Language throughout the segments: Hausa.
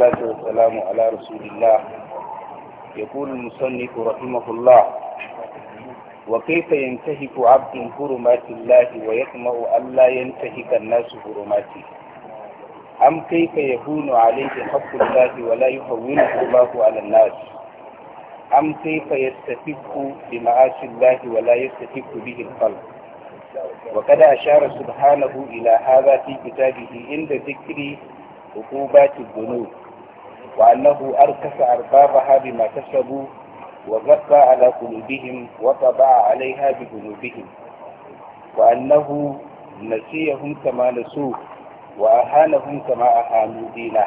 والصلاة والسلام على رسول الله يقول المصنف رحمه الله وكيف ينتهك عبد حرمات الله ويطمع ألا ينتهك الناس حرماته أم كيف يكون عليه حق الله ولا يهونه الله على الناس أم كيف يستفق بمعاصي الله ولا يستفق به الخلق وقد أشار سبحانه إلى هذا في كتابه عند ذكر عقوبات الذنوب وأنه أركس أربابها بما كسبوا وغطى على قلوبهم وطبع عليها بذنوبهم وأنه نسيهم كما نسوه وأهانهم كما أهانوا دينه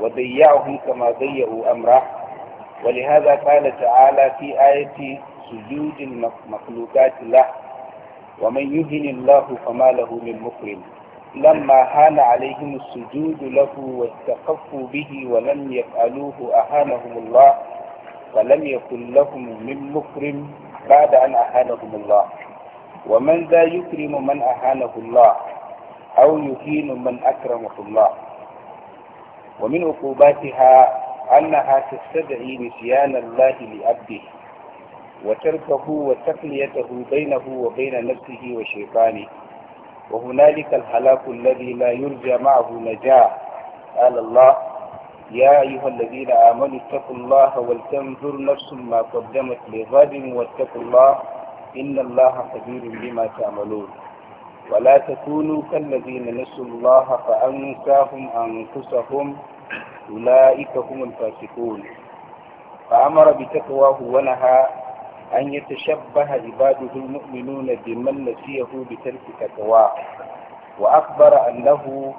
وضيعهم كما ضيعوا أمره ولهذا قال تعالى في آية سجود المخلوقات له ومن يهن الله فما له من مكرم لما هان عليهم السجود له واستخفوا به ولم يفعلوه أهانهم الله ولم يكن لهم من مكرم بعد أن أهانهم الله ومن ذا يكرم من أهانه الله أو يهين من أكرمه الله ومن عقوباتها أنها تستدعي نسيان الله لأبده وتركه وتقليته بينه وبين نفسه وشيطانه وهنالك الهلاك الذي لا يرجى معه نجاح قال الله يا أيها الذين آمنوا اتقوا الله ولتنظر نفس ما قدمت لغد واتقوا الله إن الله خبير بما تعملون ولا تكونوا كالذين نسوا الله فأنساهم أنفسهم أولئك هم الفاسقون فأمر بتقواه ونهى أن يتشبه عباده المؤمنون بمن نسيه بترك تقواه وأخبر أنه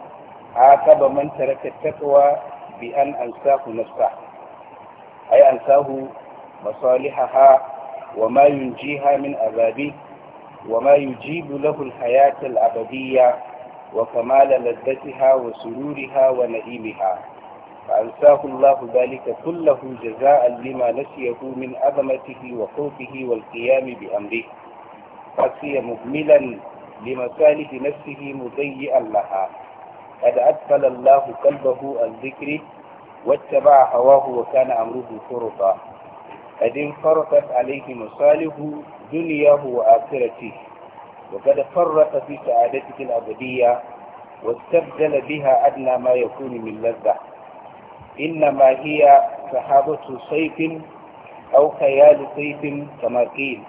عاقب من ترك التقوى بأن أنساه نفسه أي أنساه مصالحها وما ينجيها من عذابه وما يجيب له الحياة الأبدية وكمال لذتها وسرورها ونعيمها فأنساه الله ذلك كله جزاء لما نسيه من عظمته وخوفه والقيام بأمره فسي مهملا لمسالك نفسه مضيئا لها قد أدخل الله قلبه الذكر واتبع هواه وكان أمره فرطا قد انفرطت عليه مصالح دنياه وآخرته وقد فرط في سعادته الأبدية واستبدل بها أدنى ما يكون من لذة إنما هي سحابة صيف أو خيال صيف كما قيل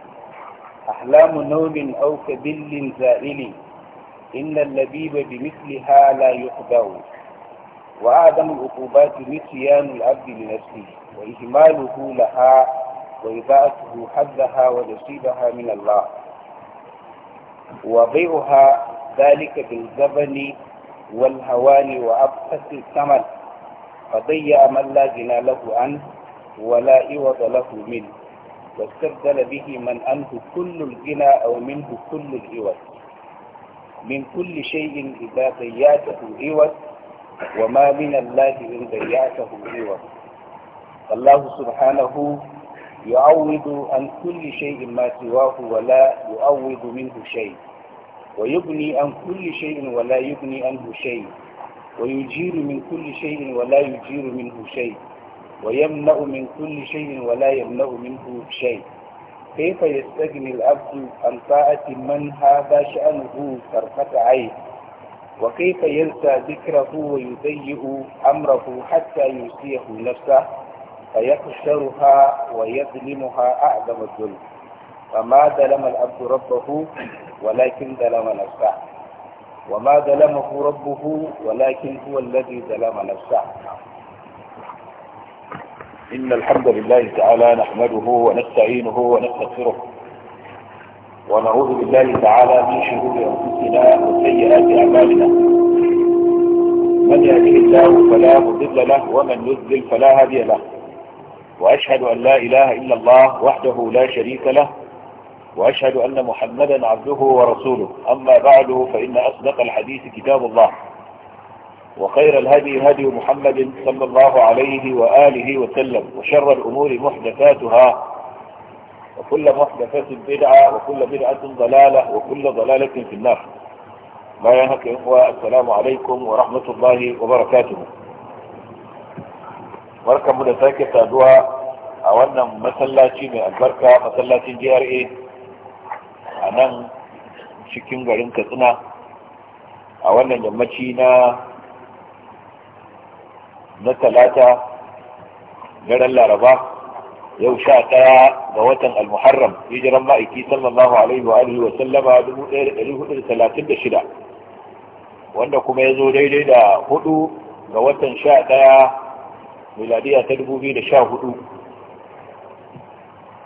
أحلام نوم أو كبل زائل إن اللبيب بمثلها لا يقبل وعدم العقوبات نسيان العبد لنفسه وإهماله لها وإضاءته حدها ونصيبها من الله وبيعها ذلك بالزبن والهوان وأبخس الثمن فضيع من لا غنى له عنه ولا عوض له منه واستبدل به من عنه كل الغنى أو منه كل العوض من كل شيء إذا ضيعته عوض وما من الله إن ضيعته عوض الله سبحانه يعوض عن كل شيء ما سواه ولا يعوض منه شيء ويغني عن كل شيء ولا يغني عنه شيء ويجير من كل شيء ولا يجير منه شيء ويمنع من كل شيء ولا يمنع منه شيء كيف يستغني العبد عن طاعة من هذا شأنه طرفة عين وكيف ينسى ذكره ويضيء أمره حتى يسيه نفسه فيكسرها ويظلمها أعظم الظلم فما ظلم العبد ربه ولكن ظلم نفسه وما ظلمه ربه ولكن هو الذي ظلم نفسه إن الحمد لله تعالى نحمده ونستعينه ونستغفره ونعوذ بالله تعالى من شرور أنفسنا وسيئات أعمالنا من يهده الله فلا مضل له ومن يضلل فلا هادي له وأشهد أن لا إله إلا الله وحده لا شريك له وأشهد أن محمدا عبده ورسوله أما بعد فإن أصدق الحديث كتاب الله وخير الهدي هدي محمد صلى الله عليه وآله وسلم وشر الأمور محدثاتها وكل محدثة بدعة وكل بدعة ضلالة وكل ضلالة في النار ما ينهك إخوة السلام عليكم ورحمة الله وبركاته بركة مدساكة أدواء أولنا مسلاتي من البركة مسلاتي جي ايه a nan cikin garin katsina a wannan yammaci na na talata daren laraba yau sha ɗaya ga watan almuharram hijiran ma'aiki sallallahu alaihi wa alihi wa sallama 1436 wanda kuma ya zo daidai da hudu ga watan sha ɗaya miladiya ta 2014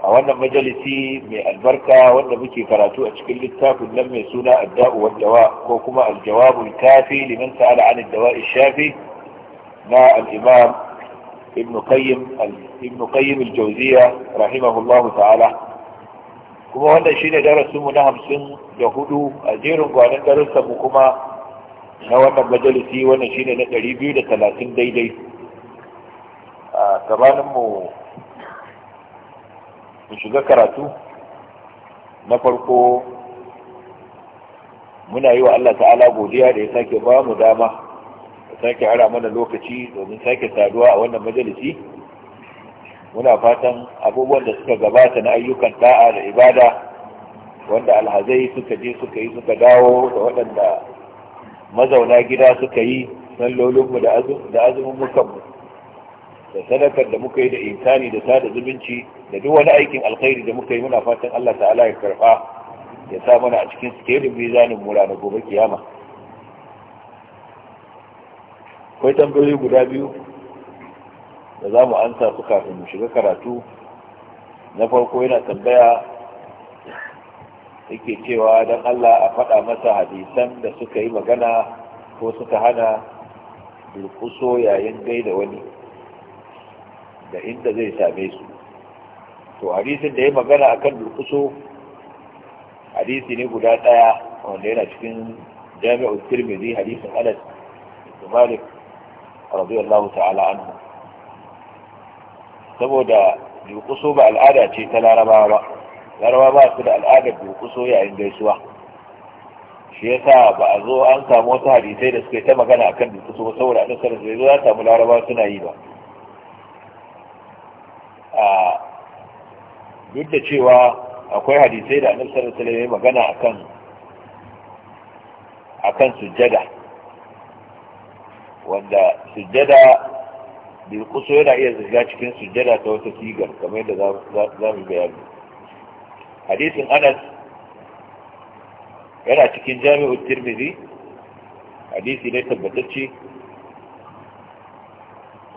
a wannan majalisi mai albarka wanda muke karatu a cikin littafin nan mai suna adda'u wa dawa ko kuma aljawabul kafi liman sa'ala an ad-dawa shafi na al-imam ibn qayyim ibn qayyim al-jawziya rahimahullah ta'ala kuma wannan shine darasin mu na da hudu a jerin gwanin darussan mu kuma na wannan majalisi wannan shine na 230 daidai a gabanin mu mu shiga karatu na farko muna yi wa Allah ta'ala godiya da ya sake ba mu dama da sake hara mana lokaci domin sake saduwa a wannan majalisi muna fatan abubuwan da suka gabata na ayyukan da'a da ibada wanda alhazai suka je suka yi suka dawo da waɗanda mazauna gida suka yi sallolinmu da azumin mukanmu da sadakar da muka yi da insani da sada zumunci da duk wani aikin alkhairi da muka yi muna fatan Allah ta'ala ya karba ya sa mana a cikin sikerin mizanin mura na gobe kiyama akwai tambayoyi guda biyu da za mu ansa su kafin mu shiga karatu na farko yana tambaya yake cewa don Allah a faɗa masa hadisan da suka yi magana ko suka hana durkuso yayin gaida wani da inda zai same su to hadisin da ya magana akan durkuso hadisi ne guda daya wanda yana cikin jami'u tirmidhi hadisin anas bin malik radiyallahu ta'ala anhu saboda durkuso ba al'ada ce ta larabawa ba larabawa ba su da al'adar durkuso yayin gaisuwa shi yasa ba a zo an samu wasu hadisai da suka yi ta magana akan durkuso saboda annabi da zai zo ya samu larabawa suna yi ba a duk da cewa akwai hadisai da annabi sallallahu alaihi wasallam magana akan akan sujjada wanda sujjada bilkusu yana iya zirga cikin sujjada ta wata sigar kamar yadda za mu bayani hadisin anas yana cikin jami'ar tirmidhi hadisi ne tabbatacce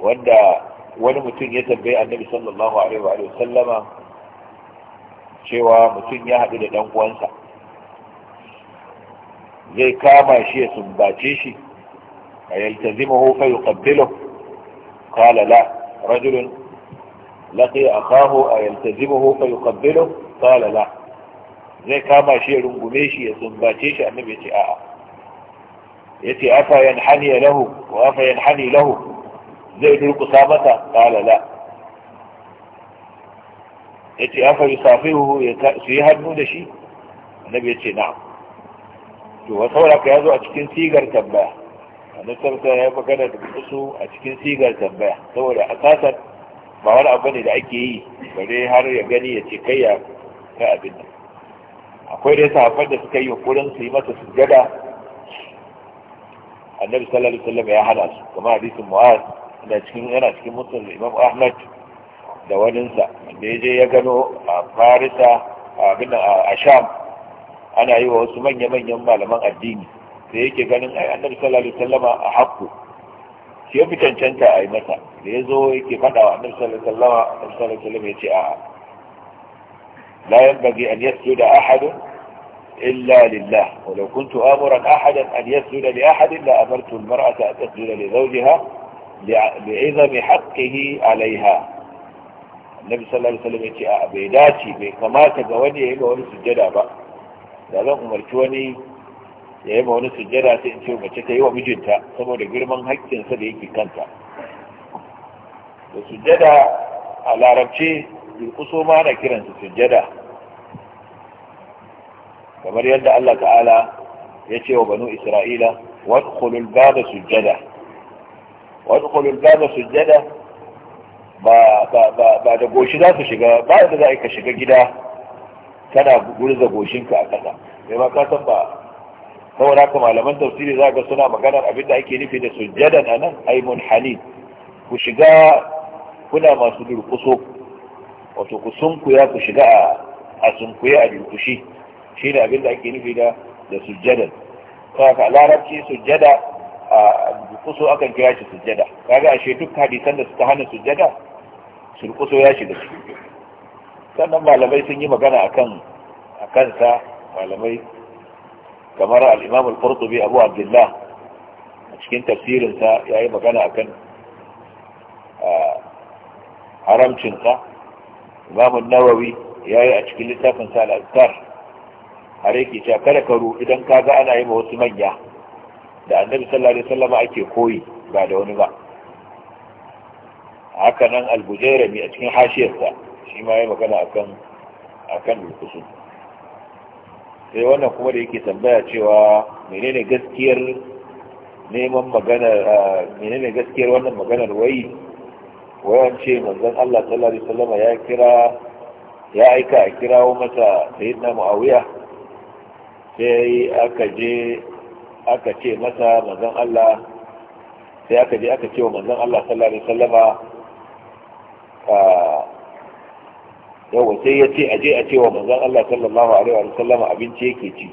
wanda wani mutum ya tambayi annabi sallallahu alaihi wa sallama cewa mutum ya haɗu da ɗan uwansa zai kama shi ya sumbace shi a yaltazimahu fa yuqabbiluhu qala la rajulun laqiya akahu a yaltazimahu fa yuqabbiluhu qala la zai kama shi ya rungume shi ya sumbace shi annabi ya ce a'a yace afa yanhani lahu wa afa yanhani lahu zai durkusa mata kala la ya ce afa yi safihu su yi hannu da shi annabi ya ce na'am to wa sauraka ya zo a cikin sigar tambaya annabtar ta ya magana da su a cikin sigar tambaya saboda asasan ba wani abu ne da ake yi bare har ya gani ya ce kai ya kai abin nan akwai dai sahabbai da suka yi yunkurin su yi masa sujjada annabi sallallahu alaihi wasallam ya hana su kamar hadisin mu'az da cikin yana cikin mutum imam ahmad da waninsa da ya je ya gano a farisa abin a sham ana yi wa wasu manya-manyan malaman addini da yake ganin ai annabi sallallahu alaihi wasallama a hakku shi ya fi cancanta a yi masa da ya zo yake faɗa wa annabi sallallahu alaihi wasallama ya ce a la yanbaghi an yasjuda ahadun إلا لله ولو كنت آمرا أحدا أن يسجد لأحد لأمرت المرأة أن li zawjiha li'izami haqqihi alaiha annabi sallallahu alaihi wasallam yace a bai dace bai kamata ga wani yayi ga wani sujjada ba da zan umarci wani ya yi ma wani sujada sai in ce mace ka yi wa mijinta saboda girman hakkin sa da yake kanta da sujjada a larabci durƙuso ma na kiransa sujada. kamar yadda Allah ta'ala ya ce wa banu isra'ila wadkhulul da sujada. وادخلوا الباب سجدا sujada, ba ba da goshi za su shiga ba da za ka shiga gida kana gurza goshinka a ƙasa mai ma ka san ba saboda haka malaman tafsiri za ga suna maganar abin da ake nufi da sujjadan a nan ai munhani ku shiga kuna masu durkuso wato ku sunkuya ku shiga a sunkuya a durkushi shine abin da ake nufi da da sujjadan saboda larabci sujjada durkuso akan kira shi sujjada kaga ashe duk hadisan da suka hana sujjada surkuso ya shiga ciki sannan malamai sun yi magana a kansa. malamai kamar al-Imam al-Qurtubi Abu Abdullah a cikin tafsirinsa ya yi magana a kan haramcinsa. Imam Nawawi ya yi a cikin littafinsa sa al har yake cewa kada ka ru idan kaga ana yi wa wasu manya da annabi sallallahu alaihi wasallam ake koyi ba da wani ba haka nan al-bujairami a cikin hashiyarsa shi ma ya magana akan akan lukusu sai wannan kuma da yake tambaya cewa menene gaskiyar neman magana menene gaskiyar wannan maganar wai wayan ce manzon Allah sallallahu alaihi wasallam ya kira ya aika a kirawo masa sayyidina muawiya sai aka je aka ce masa manzon Allah sai aka je aka ce wa manzon Allah sallallahu alaihi wasallama ah, yawa sai ya ce aje a ce wa manzon Allah sallallahu alaihi wasallama abinci yake ci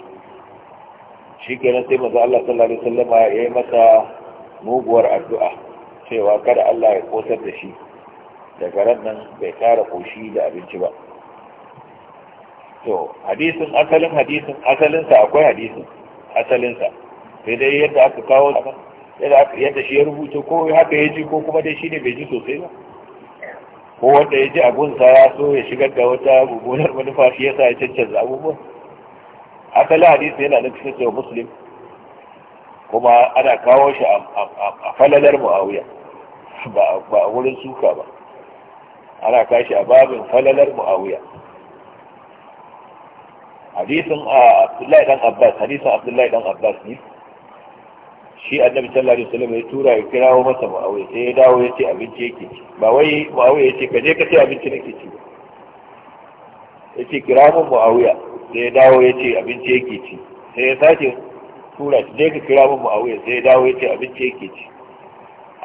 shi kenan sai manzon Allah sallallahu alaihi wasallama ya yi masa muguwar addu'a cewa kada Allah ya kosar da shi daga ran nan bai kara koshi da abinci ba to hadisin asalin hadisin asalinsa akwai hadisin asalinsa sai dai yadda aka kawo yadda shi ya rubuta ko haka ya ji ko kuma dai shi ne bai ji sosai ba ko wanda ya ji abunsa ya so ya shigar da wata gugunar manufa shi sa ya cancanza abubuwan lahadi sai yana na cewa musulun kuma ana kawo shi a falalar muawiya ba a wurin suka ba ana kashi a babin falalar muawiya hadisin ah, abdullahi dan abbas hadisin abdullahi dan abbas ne shi annabi sallallahu alaihi wasallam ya tura ya kirawo masa muawiya sai ya dawo ya ce abinci yake ci ba wai muawiya ya ce ka je ka ce abinci nake ci ya ce kira mun muawiya sai ya dawo ya ce abinci yake ci sai ya sake tura shi je ka kira mun muawiya sai ya dawo ya ce abinci yake ci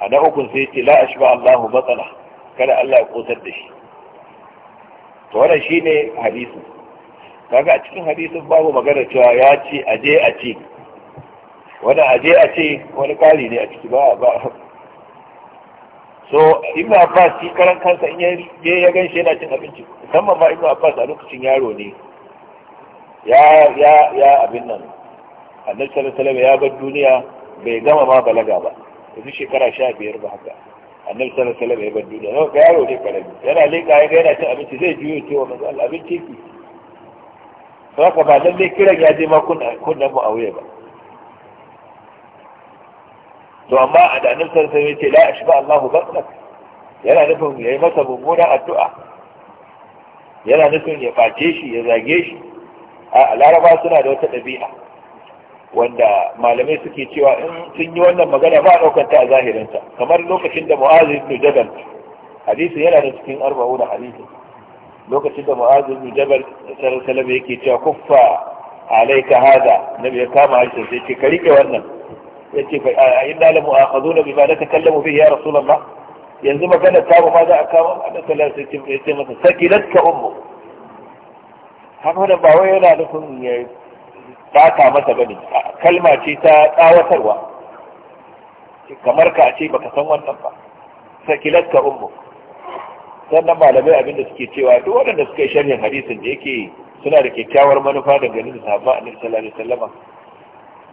a na ukun sai ya ce la ashba Allahu matsala. kada Allah ya kosar da shi to wannan shine hadisin kaga a cikin hadisin babu magana cewa ya ce a je a ce wani aje a ce wani kari ne a ciki ba ba so ibn abbas shi karan kansa in ya ya gan shi yana cin abinci musamman ma ibn abbas a lokacin yaro ne ya ya ya abin nan annabi sallallahu alaihi wasallam ya bar duniya bai gama ma balaga ba yanzu shekara sha biyar ba haka annabi sallallahu alaihi wasallam ya bar duniya yau ga yaro ne karami yana leƙa ya ga yana cin abinci zai juyo ce wa manzo Allah abinci ki saboda ba lalle kiran ya je ma kunna kunna mu ba to amma a da annabi sallallahu alaihi wasallam yace la ashba yana nufin ya yi masa mummunan addu'a yana nufin ya face shi ya zage shi a laraba suna da wata ɗabi'a wanda malamai suke cewa in sun yi wannan magana ba ɗaukanta a zahirinsa. kamar lokacin da mu'azin ibn jabal hadisi yana da cikin arba'u da hadisi lokacin da mu'azin ibn jabal sallallahu alaihi yake cewa kuffa alaika hada nabi ya kama harshe sai ce ka rike wannan yace fa a inna la mu'akhaduna bima takallamu bihi ya rasulullah yanzu magana ta ba za a kawo annabi la sai wasallam yace masa ka ummu haka ba wai yana nufin ya baka masa bane kalma ce ta tsawatarwa kamar ka ce baka san wannan ba ka ummu sannan malamai abinda suke cewa duk waɗanda suka yi sharhin hadisin da yake suna da kyakkyawar manufa dangane da sahabba annabi sallallahu alaihi wasallam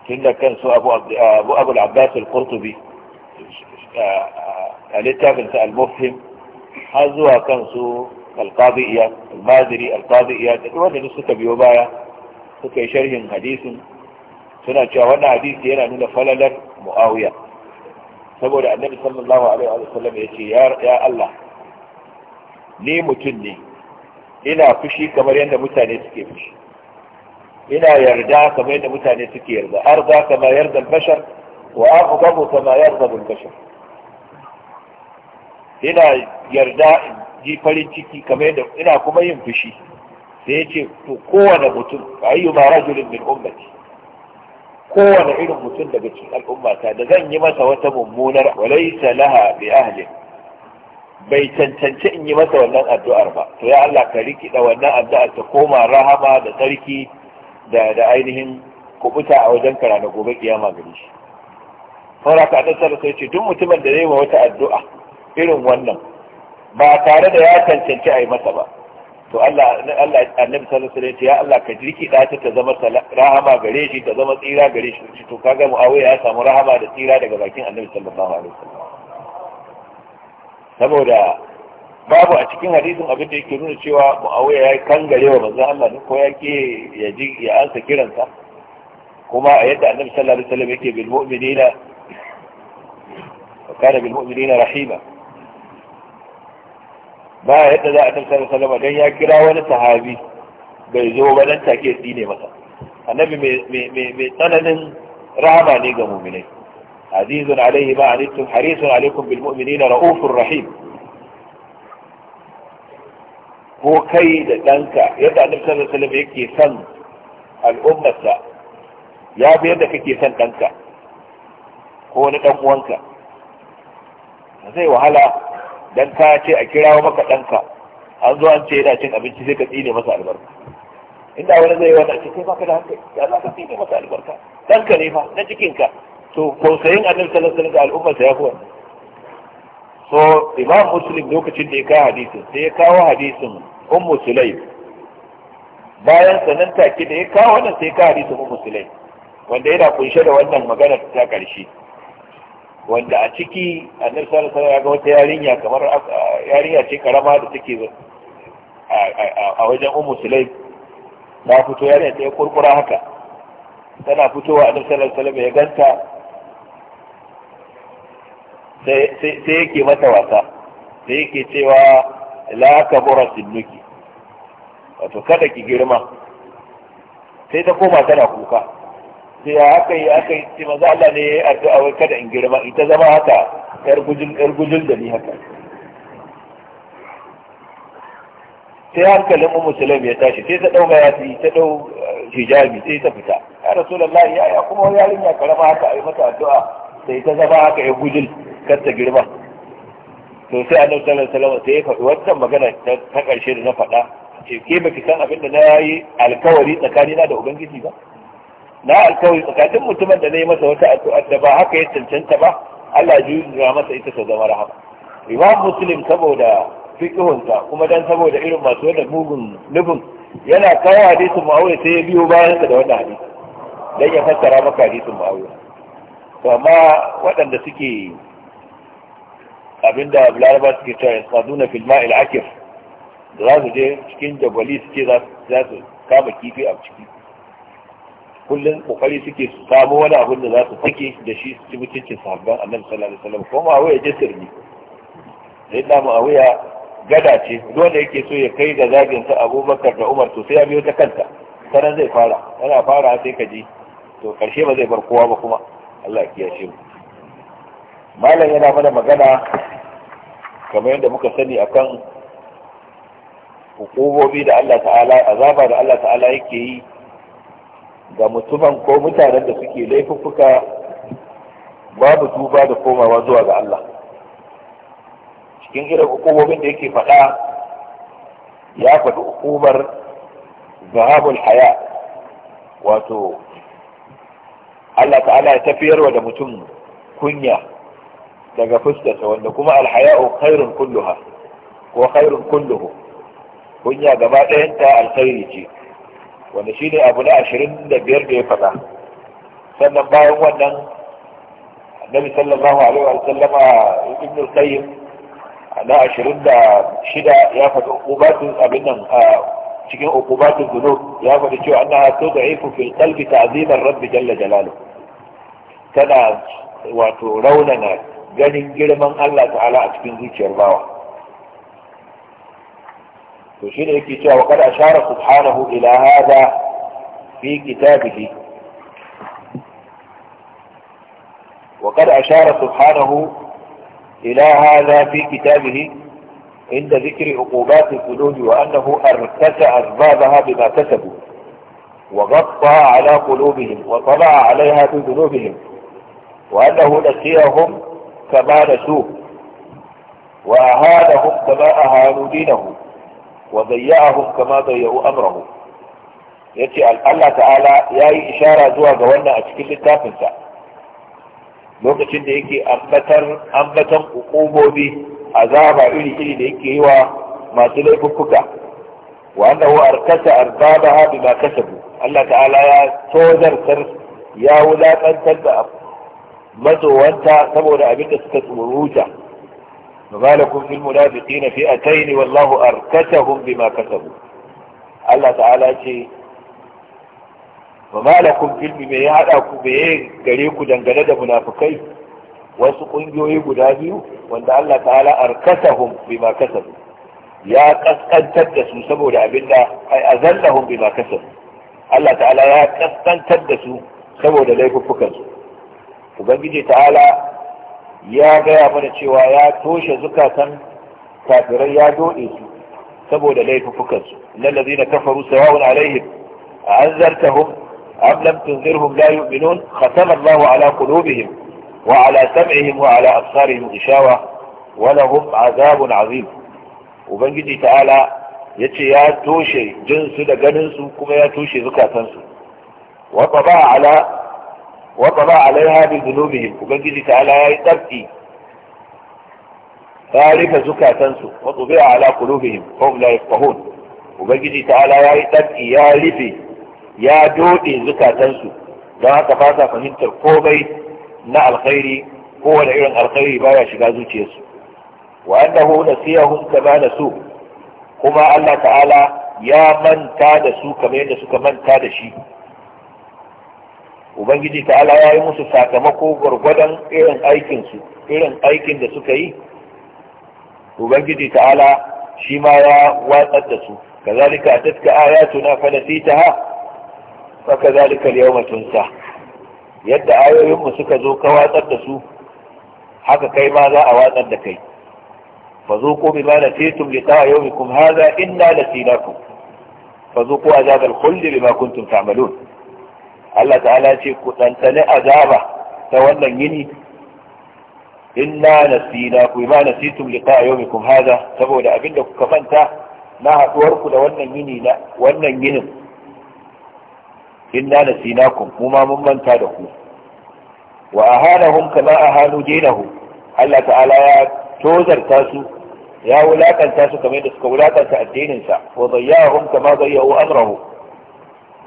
tun kansu abu eh, abu al-abbas al-qurtubi eh, eh, a littafinsa al-mufhim har zuwa kansu al-qadiyya al-maziri al-qadiyya wanda duk suka biyo baya suka yi sharhin hadisin suna cewa wannan hadisi yana nuna falalar muawiya saboda annabi sallallahu alaihi wa sallam ya ce Allah ni mutum ne ina fushi kamar yadda mutane suke fushi ina yarda kamar yadda mutane suke yarda arda kama yarda al-bashar wa aghdabu kama yarda al-bashar ina yarda ji farin ciki kamar yadda ina kuma yin fushi sai ya ce to kowane mutum ayyu ma rajulin min ummati kowane irin mutum daga cikin al'ummata da zan yi masa wata mummunar walaysa laha bi ahli bai cancanci in yi masa wannan addu'ar ba to ya Allah ka rikida wannan addu'ar ta koma rahama da tsarki da da ainihin kubuta a wajen karana gobe kiyama gare shi saboda ka da sai ce duk mutumin da zai wa wata addu'a irin wannan ba tare da ya cancanci a yi masa ba to Allah Allah annabi sallallahu alaihi wasallam ya Allah ka jirki da ta ta zama rahama gare shi ta zama tsira gare shi to kaga Muawiya ya samu rahama da tsira daga bakin annabi sallallahu alaihi wasallam saboda babu a cikin hadisin abin da yake nuna cewa muawiya ya kangare wa manzon Allah ne ko yake ya ji ya ansa kiransa kuma a yadda annabi sallallahu alaihi wasallam yake bil mu'minina kana bil mu'minina rahima ba yadda za a annabi sallallahu alaihi wasallam dan ya kira wani sahabi bai zo ba dan take tsine masa annabi mai tsananin rahama ne ga mu'minai azizun alaihi ma anittum harisun alaikum bil mu'minina raufur rahim ko kai da ɗanka yadda annabi sallallahu alaihi wasallam yake son al'ummarsa ya fi yadda kake son ɗanka ko wani dan uwanka zai wahala dan ka ce a kirawo maka ɗanka an zo an ce yana cin abinci sai ka tsine masa albarka inda wani zai wani ce kai baka da hankali ya za ka tsine masa albarka ɗanka ne fa na cikinka to tausayin annabi sallallahu alaihi wasallam da al'ummarsa ya fi wannan so imam muslim lokacin da ya kawo hadisin sai ya kawo hadisin ummu sulaim bayan sanan take da ya kawo wannan sai ya kawo hadisin ummu sulaim wanda yana kunshe da wannan magana ta karshe wanda a ciki annabi sallallahu alaihi wasallam ga wata yarinya kamar yarinya ce karama da take a wajen ummu sulaim ta fito yarinya ta kurkura haka tana fitowa annabi sallallahu alaihi wasallam ya ganta sai yake mata wasa sai yake cewa la ka bura sinuki wato kada ki girma sai ta koma tana kuka sai ya aka yi aka yi sai maza Allah ne ya yi addu'a wai kada in girma ita zama haka yar gujin yar gujin da ni haka sai hankalin ummu sulaim ya tashi sai ta dau mayafi ta dau eh, hijabi sai ta fita ya rasulullahi ya ya kuma yarinya karama haka a yi mata addu'a sai ta zama haka ya gujin kar girma to sai a nan alaihi sai ya faɗi wannan magana ta ƙarshe da na faɗa ce ke baki san abin da na yi alkawari tsakanina da ubangiji ba na alkawari tsakanin mutumin da na yi masa wata addu'a da ba haka ya cancanta ba Allah ya jira masa ita ta zama rahama imam muslim saboda fiqhunsa kuma dan saboda irin masu wannan mugun nufin yana kawo hadisin muawiya sai ya biyo bayan da wannan hadisi dan ya fassara maka hadisin muawiya to amma waɗanda suke abinda laraba suke cewa ya sadu nuna filma ilakir da za su je cikin jagwali suke za su kama kifi a ciki kullum kokari suke su samu wani abin da za su sake da shi su ci mutuncin sahabban annabi sallallahu alaihi wasallam kuma awaya je sirri? sai da mu awaya gada ce wanda yake so ya kai da zagin sa Abubakar da Umar to sai ya biyo ta kanta sanan zai fara yana fara sai ka ji to karshe ba zai bar kowa ba kuma Allah ya kiyaye mu malam yana mana magana kamar yadda muka sani akan hukumomi da Allah ta'ala azaba da Allah ta'ala yake yi ga mutumin ko mutanen da suke laifuffuka babu tuba da komawa zuwa ga Allah cikin irin hukumomin da yake faɗa ya faɗi hukumar zahabul haya wato Allah ta'ala ya tafiyarwa da mutum kunya daga fuskarsa wanda kuma alhaya'u khairun kulluha ko khairun kulluhu kunya gaba ɗayanta alkhairi ce wanda shine abu na ashirin da biyar da ya faɗa sannan bayan wannan annabi sallallahu alaihi wa sallama ibn al-qayyim na ashirin da shida ya faɗi uqubatun abin nan cikin uqubatun dhunub ya faɗi cewa "An annaha tud'ifu fil qalbi ta'ziman rabbi jalla jalaluhu tana wato raunana ganin girman Allah ta'ala a cikin zuciyar bawa to shi ne yake cewa wa kada ashara subhanahu ila hada fi kitabihi wa kada ashara subhanahu ila hada fi kitabihi inda عند ذكر عقوبات الذنوب وأنه أرتسى أسبابها بما كسبوا وغطى على قلوبهم وطلع عليها بذنوبهم وأنه نسيهم كما نسوه وأهانهم كما أهانوا دينه amrahu, كما ضيعوا أمره يتي الله تعالى ياي إشارة زوا جوانا أشكل التافنسا lokacin da yake ambatar ambatan hukumomi azaba iri iri da yake yi wa masu laifuffuka wa annahu arkasa arzabaha bima kasabu Allah ta'ala ya tozartar ya wulakantar da Mazowanta saboda abin da suka tsuruta mabalakum fil munafiqina fi'atayn wallahu arkatahum bima kasabu Allah ta'ala ce mabalakum fil me ya hada ku be gare ku dangane da munafikai wasu kungiyoyi guda biyu wanda Allah ta'ala arkatahum bima kasabu ya kaskantar da su saboda abin abinda ai azallahum bima kasabu Allah ta'ala ya kaskantar da su saboda laifukan ubangiji ta'ala ya gaya mana cewa ya toshe zukatan kafirai ya dode su saboda laifukansu lallazi na kafaru sawa'un alaihim a zarta am lam tunzirhum la yu'minun khatama Allahu ala qulubihim wa ala sam'ihim wa ala absarihim ishawa wa lahum azabun azim ubangiji ta'ala yace ya toshe jinsu da ganin su kuma ya toshe zukatansu wa qada ala wa qada alaiha bi dhunubihim ubangiji ta'ala yayi tsafti tarika zukatan su wa tubi'a ala qulubihim fa hum la yafqahun ubangiji ya rufe ya dode zukatan don haka ba sa fahimtar komai na alkhairi kowane irin alkhairi baya shiga zuciyarsu wa annahu nasiyahum kama nasu kuma Allah ta'ala ya manta da su yadda suka manta da shi ubangiji ta'ala ya yi musu sakamako gwargwadon irin aikinsu irin aikin da suka yi ubangiji ala shi ma ya watsar da su na atatka ta ha fa ka zalika yawma sa. yadda ayoyinmu suka zo ka watsar da su haka kai ma za a watsar da kai فذوقوا yau, نسيتم لقاء يومكم هذا إنا نسيناكم فذوقوا عذاب الخلد بما كنتم تعملون Allah ta'ala ce ku ɗantane azaba ta wannan yini inna nasina ku ma nasitum liqa yawmikum hada saboda abinda kuka manta na haduwar ku da wannan yini na wannan yinin inna nasinakum mu ma mun manta da ku wa ahanahum kama ahanu dinahu Allah ta'ala ya tozarta su ya wulakanta su kamar da suka wulakanta addinin sa wa dayyahum kama dayyahu amrahu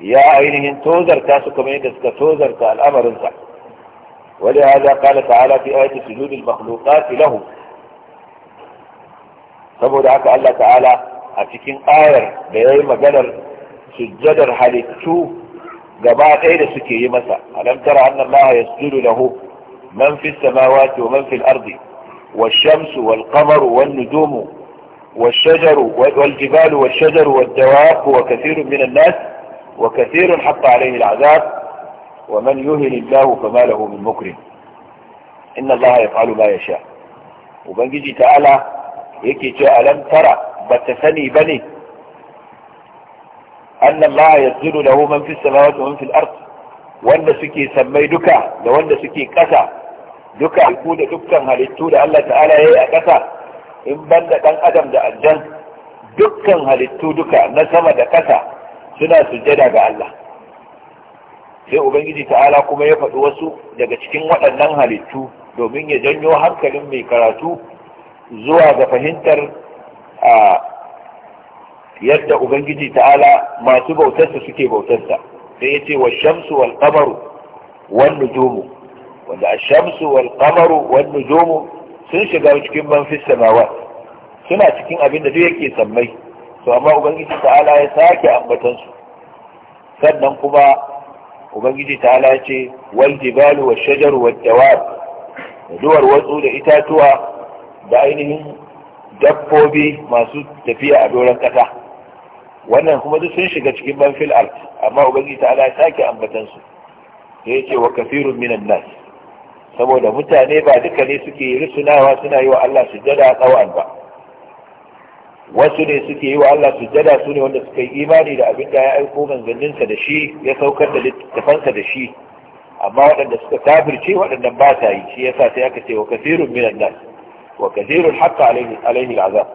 يا عينهم توزر تاسكم عندك توزر الامر انت ولهذا قال تعالى في ايه سجود المخلوقات له فبدعك الله تعالى اتكين اير بيوم قدر سجد الحديثو جباء ايد سكي مسا الم ترى ان الله يسجد له من في السماوات ومن في الارض والشمس والقمر والنجوم والشجر والجبال والشجر والدواب وكثير من الناس وكثير حق عليه العذاب ومن يهل الله فما له من مكرم إن الله يفعل ما يشاء وبنجي تعالى يكي جاء لم ترى بتسني بني أن الله يزل له من في السماوات ومن في الأرض وأن سكي سمي دكا وأن سكي كسا دكا يكون دكا هلتو الله تعالى هي أكسا إن بند أن أدم دا الجن دكا هلتو دكا نسم دا كسا suna sujjada ga Allah sai ubangiji ta'ala kuma ya faɗi wasu daga cikin waɗannan halittu domin ya janyo hankalin mai karatu zuwa ga fahimtar a yadda ubangiji ta'ala masu bautarsa suke bautarsa sai ya ce wa shamsu wal qamaru wal nujumu wanda a shamsu wal qamaru wal nujumu sun shiga cikin man fis samawat suna cikin abinda da duk yake sammai to amma ubangiji ta'ala ya sake ambatansu, sannan kuma ubangiji ta'ala ya ce wal jibalu wash shajaru duwar watsu da itatuwa da ainihin dabbobi masu tafiya a doron kasa wannan kuma duk sun shiga cikin banfil art amma ubangiji ta'ala ya sake ambatansu, su ya ce wa kafirun minan nas saboda mutane ba duka ne suke rusunawa suna yi wa Allah sujjada tsawon ba wasu ne suke yi wa Allah sujjada su ne wanda suka yi imani da abin da ya aiko manzanninsa da shi ya saukar da littafansa da shi amma waɗanda suka kafirce waɗanda ba ta yi shi ya yasa sai aka ce wa kasirun minan nan, wa kasirun haka alaihi al'azab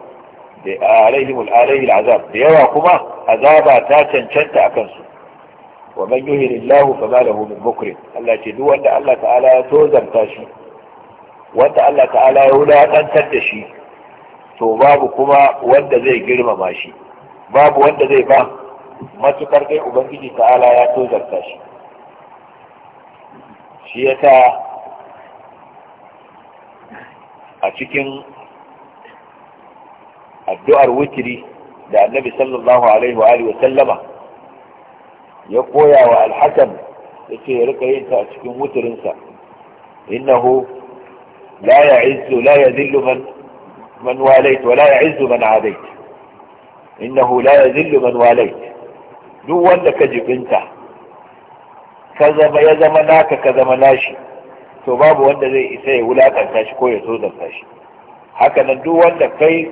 da alaihi alaihi al'azab da yawa kuma azaba ta cancanta akan su wa man yuhinillahu fama lahu min mukrim Allah ce duk wanda Allah ta'ala ya tozarta shi wanda Allah ta'ala ya wulakantar da shi to babu kuma wanda zai girmama shi babu wanda zai ba matukar dai ubangiji ta'ala ya tozarta shi shi yasa a cikin addu'ar witiri da annabi sallallahu alaihi wa sallama ya koya wa alhassan ya ce ya rika yin ta a cikin wuturinsa innahu la ya izu la ya zillu man من واليت ولا يعز من عاديت إنه لا يذل من واليت duk wanda ka jibinta ka zama ya zama naka ka zama nashi to babu wanda zai isa ya wulakanta shi ko ya tozarta shi haka nan duk wanda kai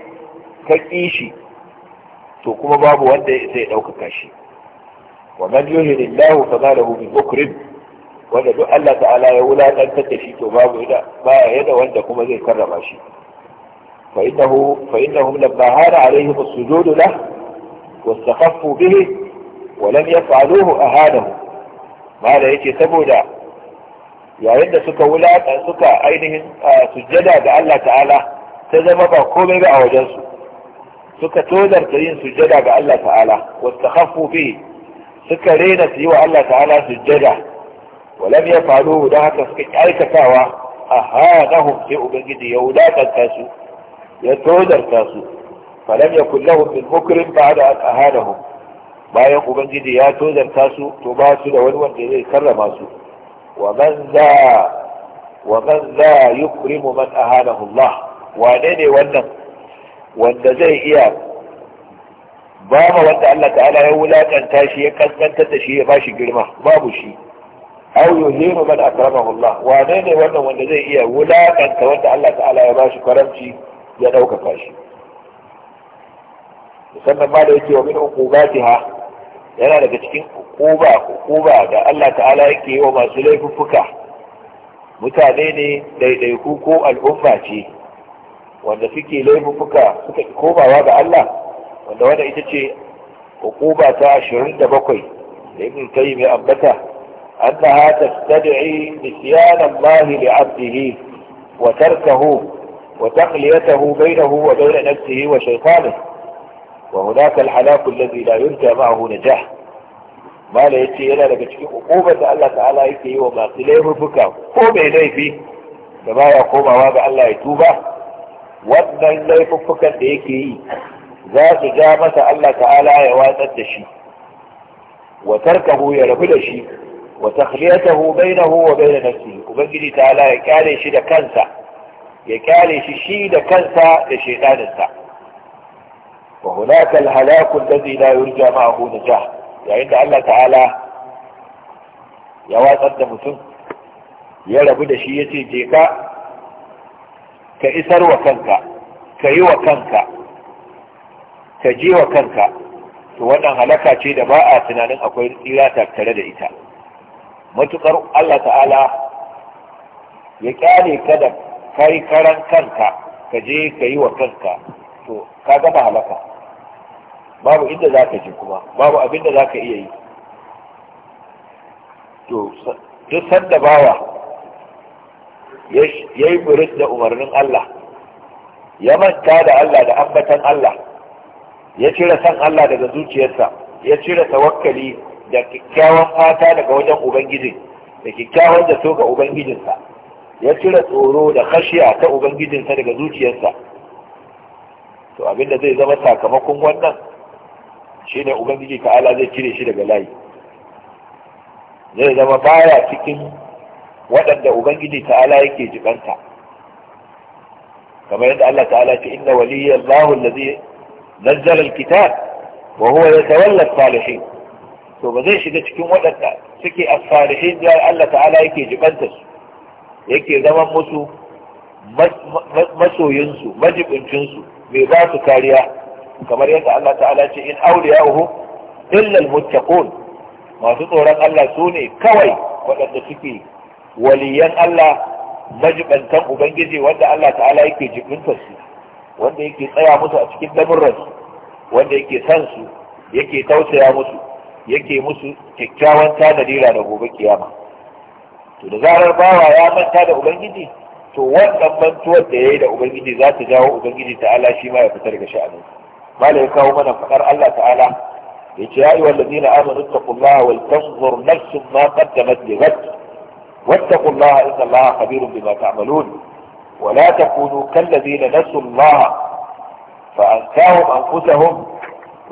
ka ƙi shi to kuma babu wanda ya isa ya ɗaukaka shi wa man yuhini Allahu fa ma lahu min mukrim wanda duk Allah ta'ala ya wulakanta da shi to babu ida ba ya da wanda kuma zai karrama shi فإنه فإنهم لما هان عليهم السجود له واستخفوا به ولم يفعلوه أهانه ما لا يتي سبودا يعني سكا ولا سكا أينه آه، سجدا بألا تعالى تزم بقوم بأوجنس سكا تودر تين سجدا بألا تعالى واستخفوا به سكا رينا سيوى ألا تعالى سجدا ولم يفعلوه لها تسكت أي كفاوة أهانهم سيء بجدي يولا تنتسوا يتعود الكاسو فلم يكن لهم من مكرم بعد أن أهانهم ما يقوم أن جدي يتعود الكاسو تباسل ولوان إليه كرماسو ومن ذا ومن ذا يكرم من أهانه الله وانين وانا وانا زي إياه باما وانا الله تعالى يولا أن تاشي كذبان تتشي باشي قرمه بابو شي أو يهين من أكرمه الله وانين وانا وانا زي إياه ولا أن تودى الله تعالى يباشي كرمشي ya ɗaukaka shi musamman ma da yake wa min uqubatiha yana daga cikin uquba uquba da Allah ta'ala yake yi wa masu laifuffuka mutane ne ɗaiɗaiku ko al'umma ce wanda suke laifuffuka suka komawa ga Allah wanda wanda ita ce uquba ta ashirin da bakwai da ibn kai mai ambata An annaha tastad'i nisyan Allah li 'abdihi wa tarkahu وتقليته بينه وبين نفسه وشيطانه وهناك الحلاك الذي لا يرجى معه نجاح ما لا يتي yana daga cikin hukumar da Allah ta'ala yake yi wa masu laifuka ko mai laifi da baya komawa ga Allah ya tuba wannan laifukan da yake yi za su ga masa Allah ta'ala ya watsar da shi wa tarkahu ya rabu da shi ya shi da kansa ya kyale shi shi da kansa da shaidaninsa wa hunaka alhalaku allazi la yurja ma'ahu najah yayin da Allah ta'ala ya watsar da mutum ya rabu da shi yace je ka ka isar wa kanka ka yi wa kanka ka ji wa kanka to wannan halaka ce da ba a tunanin akwai tsira tare da ita matukar Allah ta'ala ya kyale ka da kai karan kanka ka je ka yi wa kanka to ka gama halaka babu inda za ka je kuma babu abin da za ka iya yi to duk sanda bawa ya yi buris da umarnin Allah ya manta da Allah da ambatan Allah ya cire san Allah daga zuciyarsa ya cire tawakkali da kyakkyawan fata daga wajen ubangijin da kyakkyawan da so ga ubangijinsa ya cire tsoro da kashiya ta ubangijinsa daga zuciyarsa to abinda zai zama sakamakon wannan shi ne ubangiji ta'ala zai cire shi daga layi zai zama baya cikin waɗanda ubangiji ta'ala yake jibanta kamar yadda Allah ta'ala ce inna waliyya Allahu allazi nazzala alkitab wa huwa yatawalla as-salihin to ba zai shiga cikin waɗanda suke as-salihin da Allah ta'ala yake jibanta su yake zama musu masoyinsu majibincinsu mai ba su kariya kamar yadda Allah ta'ala ce in aure ya uhu Illal almuttaqun masu tsoron Allah su ne kawai waɗanda suke waliyan Allah majibantan ubangiji wanda Allah ta'ala yake jibintar su wanda yake tsaya musu a cikin daburran wanda yake san su yake tausaya musu yake musu kyakkyawan tanadira da gobe kiyama to da zarar bawa ya manta da ubangiji to wannan mantuwar da yayi da ubangiji za ta jawo ubangiji ta'ala shi ma ya fitar daga sha'anin malai ya kawo mana fadar Allah ta'ala ya ce ya yi wallazi na amanu taqullaha wal tanzur nafsu ma qaddamat li ghad wattaqullaha inna Allaha khabirun bima ta'malun wa la takunu kal ladina nasu allaha fa ansahum anfusahum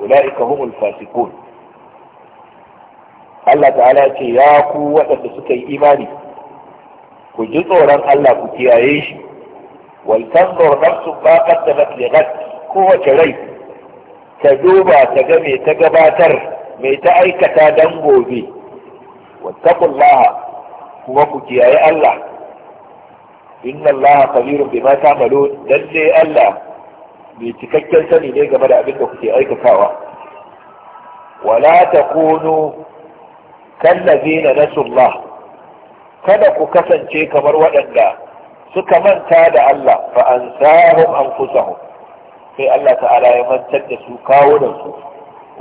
ulaika humul fasiqun Allah ta'ala ce ya ku waɗanda suka yi imani ku ji tsoron Allah ku kiyaye shi wal tanzur nafsu ma qaddamat li ghad kowace rai ta duba ta ga me ta gabatar me ta aikata dan gobe wattaqullaha kuma ku kiyaye Allah inna Allah khabirun bima ta'malun lalle Allah mai cikakken sani ne game da abin da kuke aikatawa wala takunu kallazina nasullah kada ku kasance kamar waɗanda suka manta da Allah fa an anfusahum sai Allah ta'ala ya mantar da su kawo da su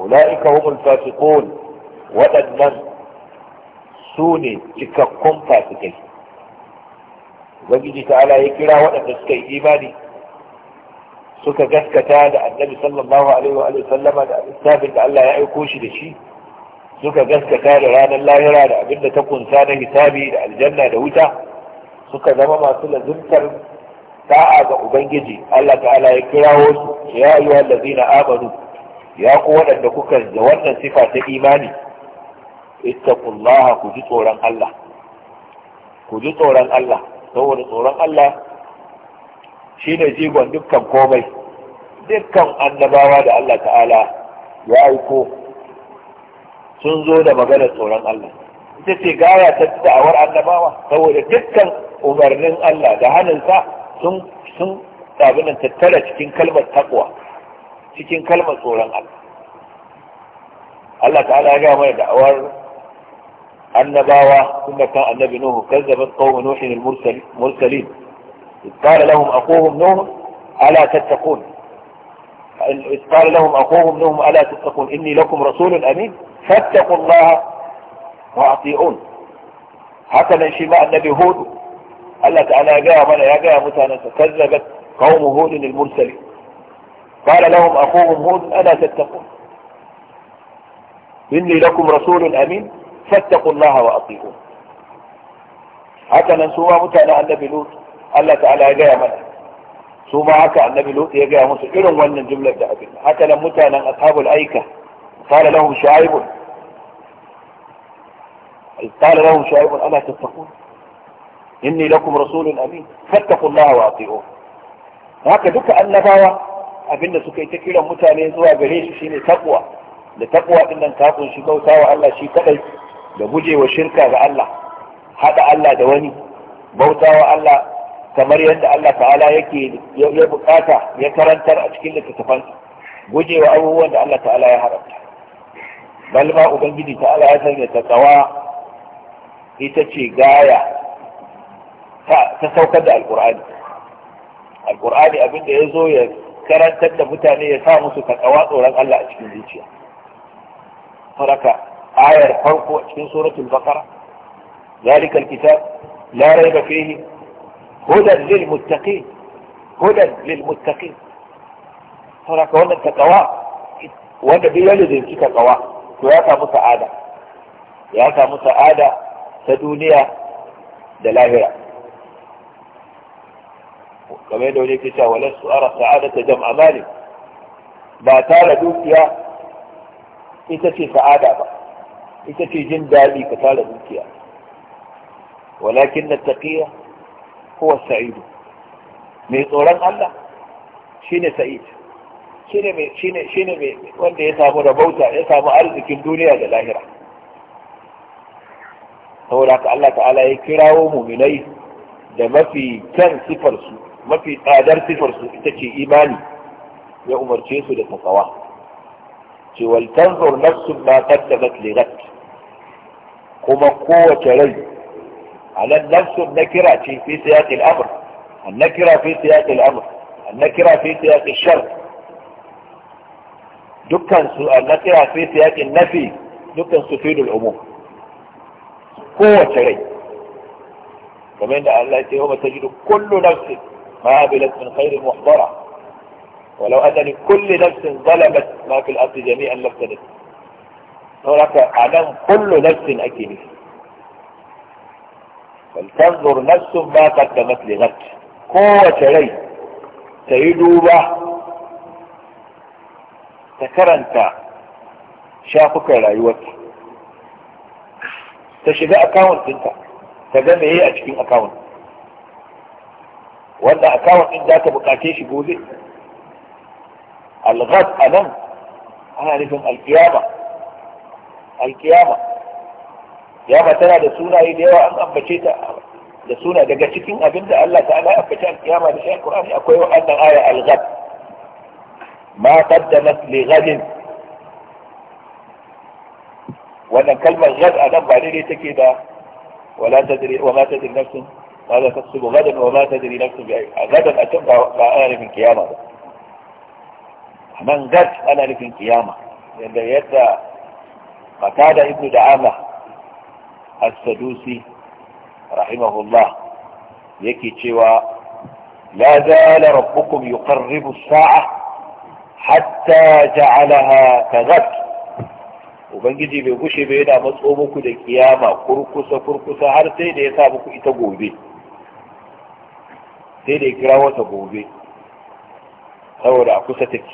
ulaika humul fasiqun waɗannan su ne cikakkun fasikai ubangiji ta'ala ya kira waɗanda suka yi imani suka gaskata da annabi sallallahu alaihi wa sallama da littafin da Allah ya aiko shi da shi suka gaskata da ranar lahira da abinda ta kunsa na hisabi da aljanna da wuta suka zama masu lazimtar sa'a ga ubangiji Allah ta'ala ya kirawo su ya yi wallazina amanu ya ku waɗanda kuka da wannan sifa ta imani ittaqullaha ku ji tsoron Allah ku ji tsoron Allah saboda tsoron Allah shine jigon dukkan komai dukkan annabawa da Allah ta'ala ya aiko sun zo da maganar tsoron Allah ita ce gaya ta da'awar annabawa saboda dukkan umarnin Allah da hannunsa sun sun abinan tattara cikin kalmar takwa cikin kalmar tsoron Allah Allah ta'ala ya gaya mana da'awar annabawa kuma kan annabi Nuhu kazzabat qaumun nuhin al-mursalin qala lahum aquhum nuh ala tattaqun إذ قال لهم أخوهم لهم ألا تتقون إني لكم رسول أمين فاتقوا الله واطيعون حتى نشيماء النبي هود قال انا جاء من يا جاء موسى كذبت قوم هود المرسلين قال لهم اخوهم هود الا تتقون اني لكم رسول امين فاتقوا الله واطيعون حتى سوى متى على النبي لوط قال تعالى يا جاي سوى سوا عكا النبي لوط يا جاي موسى كلهم ولن الجمله بتاعتنا حتى لم متى اصحاب الايكه قال له شعيب قال له شعيب ألا تتقون إني لكم رسول أمين فاتقوا الله وأطيعوه haka duka annabawa abinda suka yi ta kiran mutane zuwa gare shi shine takwa da takwa din nan ta kunshi bauta wa Allah shi kadai da gujewa shirka ga Allah hada Allah da wani bauta wa Allah kamar yadda Allah ta'ala yake ya bukata ya karantar a cikin littattafansa gujewa abubuwan da Allah ta'ala ya haramta bal ba ubangiji ta ala ya sanya tsawa ita ce gaya ta saukar da alkur'ani alkur'ani abinda ya zo ya karantar da mutane ya sa musu ta tsawa tsoron Allah a cikin zuciya faraka ayar farko a cikin suratul baqara ذلك الكتاب لا ريب فيه هدى للمتقين هدى للمتقين فرك wannan takawa wanda bai yalda zai takawa to ya samu sa'ada ya samu sa'ada ta duniya da lahira kamar yadda wani ke cewa wala su'ara sa'ada ta jam'a mali ba tara dukiya ita ce sa'ada ba ita ce jin daɗi ka tara dukiya walakin na taƙiya huwa sa'idu mai tsoron Allah shine sa'id shine mai shine shine mai wanda ya samu rabauta ya samu arzikin duniya da lahira saboda ka Allah ta'ala ya kirawo muminai da mafi kyan sifar su mafi tsadar sifar su ita ce imani ya umarce su da takawa ce wal tanzur nafsun ma qaddamat li ghad kuma kowace rai alan nafsun nakira ce fi siyaqil amr النكرة في سياق الأمر النكرة في سياق الشر dukkan su a annasiha fi siyaqin nafi dukkan su fidul umum kowace rai kamar da Allah ya ce wa tajidu kullu nafsin ma abilat min khairin muhdara walau anna li kulli nafsin zalamat ma fil ardi jami'an laftadat saboda anan kullu nafsin ake nufi فلتنظر نفس ما قدمت لغد قوة ري تيدوبة ta karanta shafukan rayuwarta ta shiga akawun ɗinta ta ga meye a cikin akawun wanda akawun ɗin za ta buƙace shi gobe alghad a nan ana nufin alkiyama alkiyama yama tana da sunaye da yawa an ambace ta da suna daga cikin abin da Allah ta'ala ya ambace alkiyama da shi alqur'ani akwai wannan aya alghad ما قدمت لغد وان كلمه غد ادب عليه تكي ده ولا تدري وما تدري نفس ماذا تقصد غدا وما تدري نفس باي غدا اتبع بآل من قيامة من غد انا لفي القيامة لان يدى قتال ابن دعامة السدوسي رحمه الله يكي شوى لا زال ربكم يقرب الساعة hatta ja'alaha kaghat ubangiji bai gushe bai yana matso muku da kiyama kurkusa kurkusa har sai da ya sa muku ita gobe sai da ya kira wata gobe saboda a kusa take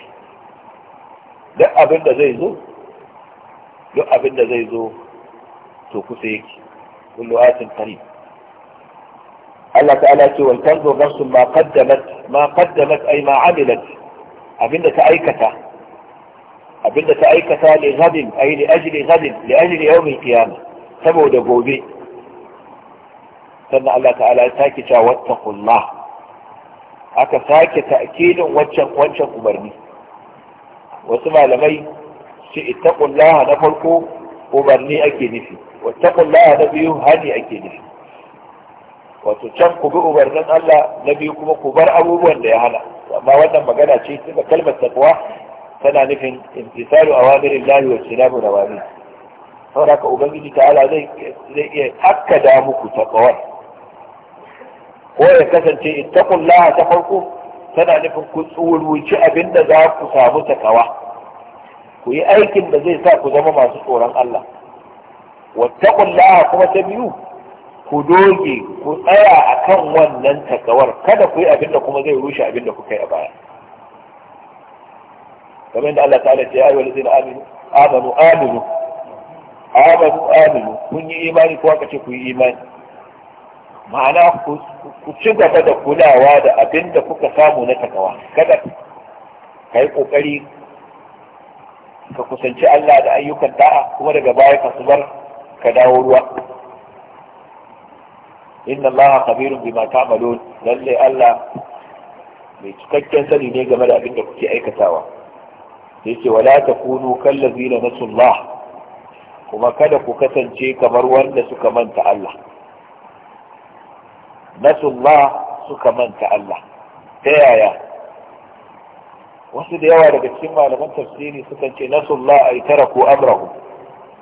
duk abin da zai zo duk abin da zai zo to kusa yake kullu atin qarib Allah ta'ala ce wal tanzur nafsun ma qaddamat ma qaddamat ay ma 'amilat abinda ta aikata abinda ta aikata li ghadin ay li ajli ghadin li ajli yawm al-qiyamah saboda gobe sannan Allah ta'ala ya sake cewa wattaqullah aka sake ta'kidin wancan wancan umarni wasu malamai shi ittaqullah na farko umarni ake nufi wattaqullah na biyu hani ake nufi wato can ku bi umarnin Allah na biyu kuma ku bar abubuwan da ya hana amma wannan magana ce tunda kalmar taqwa tana nufin imtisalu awamirin lahi wa sinabu rawami saboda ka ubangiji ta'ala zai zai iya akkada muku taqwa ko ya kasance ittaqullaha ta farko tana nufin ku tsuruci abinda za ku samu takawa ku yi aikin da zai sa ku zama masu tsoron Allah wattaqullaha kuma ta biyu ku doge ku tsaya akan wannan takawar kada ku yi abinda kuma zai rushe abinda kuka yi a baya kamar da Allah ta'ala ce ya ayyuhal ladzina Aminu, amanu Aminu, amanu Aminu kun yi imani ko aka ce ku yi imani ma'ana ku ci gaba da kulawa da abinda kuka samu na takawa kada kai kokari ka kusanci Allah da ayyukan ta'a kuma daga baya ka bar ka dawo ruwa inna allaha khabirun bima ta'malun lalle Allah mai cikakken sani ne game da abin da kuke aikatawa Sai yace wala takunu kallazina nasullah kuma kada ku kasance kamar wanda suka manta Allah nasullah suka manta Allah ta yaya wasu da yawa daga cikin malaman tafsiri suka ce nasullah ay taraku amrahu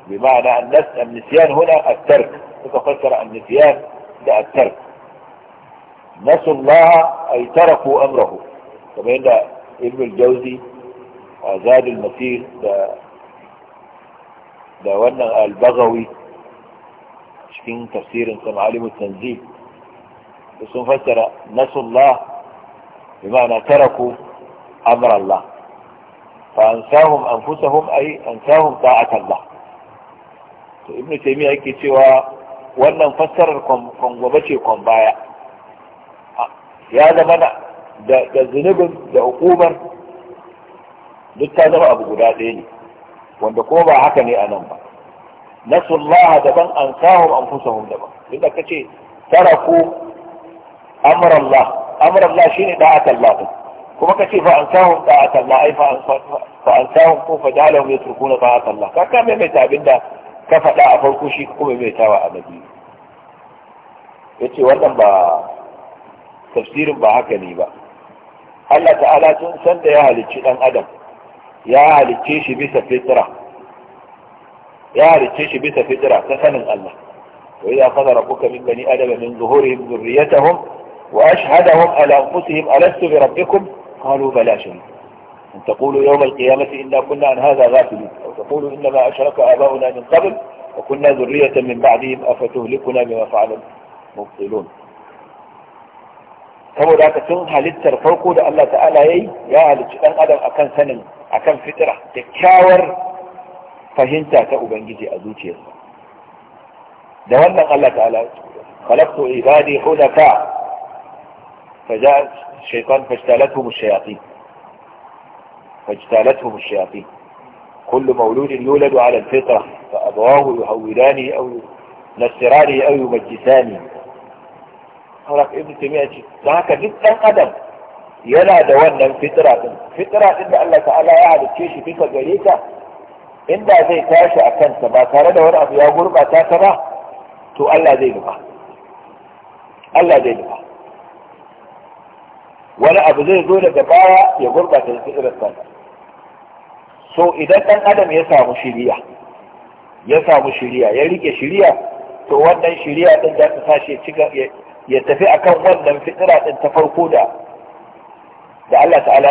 bima'ana an-nas an-nisyan huna at-tark suka fassara an-nisyan عندها الترك نسوا الله أي تركوا أمره طبعا هنا ابن الجوزي أزاد آه، المسير دا دا ونا البغوي شكين تفسير انكم عالم التنزيل بس مفسر نسوا الله بمعنى تركوا أمر الله فأنساهم أنفسهم أي أنساهم طاعة الله ابن تيمية كتوى wannan fassarar kwangwaba ce kwan baya ya zama da zunubin da hukumar duk ta zama abu guda ɗaya ne wanda kuma ba haka ne a nan ba nasullaha daban an sahum an hun daban duk da kace taraku amrallah amrallah shine da'at Allah din kuma kace fa an ɗa'atar da'at Allah ai fa an sahum ko fa dalahum yatrukuna da'at Allah kaka mai mai da. ka faɗa a farko shi kuma mai tawa a nabi yace wannan ba tafsirin ba haka ne ba Allah ta'ala tun san da ya halicci dan adam ya halicce shi bisa fitra ya halicce shi bisa fitra ta sanin Allah wa idza qadara rabbuka min bani adama min zuhurihim zurriyatahum wa ashhadahum ala anfusihim alastu bi rabbikum qalu bala shahidna أن تقولوا يوم القيامة إنا كنا عن هذا غافلين أو تقولوا إنما أشرك آباؤنا من قبل وكنا ذرية من بعدهم أفتهلكنا بما فعل المبطلون saboda haka sun halittar farko da Allah ta'ala yayi ya halicci dan adam akan sanin akan fitira kyakkyawar fahimta ta ubangiji a zuciyarsa da wannan Allah ta'ala khalaqtu ibadi hunafa faja shaytan fashtalatuhum ash-shayatin فاجتالتهم الشياطين كل مولود يولد على الفطرة فأبواه يهولانه أو ينسرانه أو يمجسانه خلق ابن تيمية ذاك جدا قدم يلا دوانا فطرة فطرة إن الله تعالى يعد تشيش فيك جريكا إن ذا زي تاشا أكنت ما ترى دوانا في أمور ما تو ألا زي نقا ألا زي نقا ولا أبو زي زولة دبارة يغربة تنسيق الثالث to idan ɗan adam ya samu shiriya ya samu shiriya ya rike shiriya to wannan shiriya ɗin za ta sashi ya tafi akan wannan fitira ɗin ta farko da da Allah ta'ala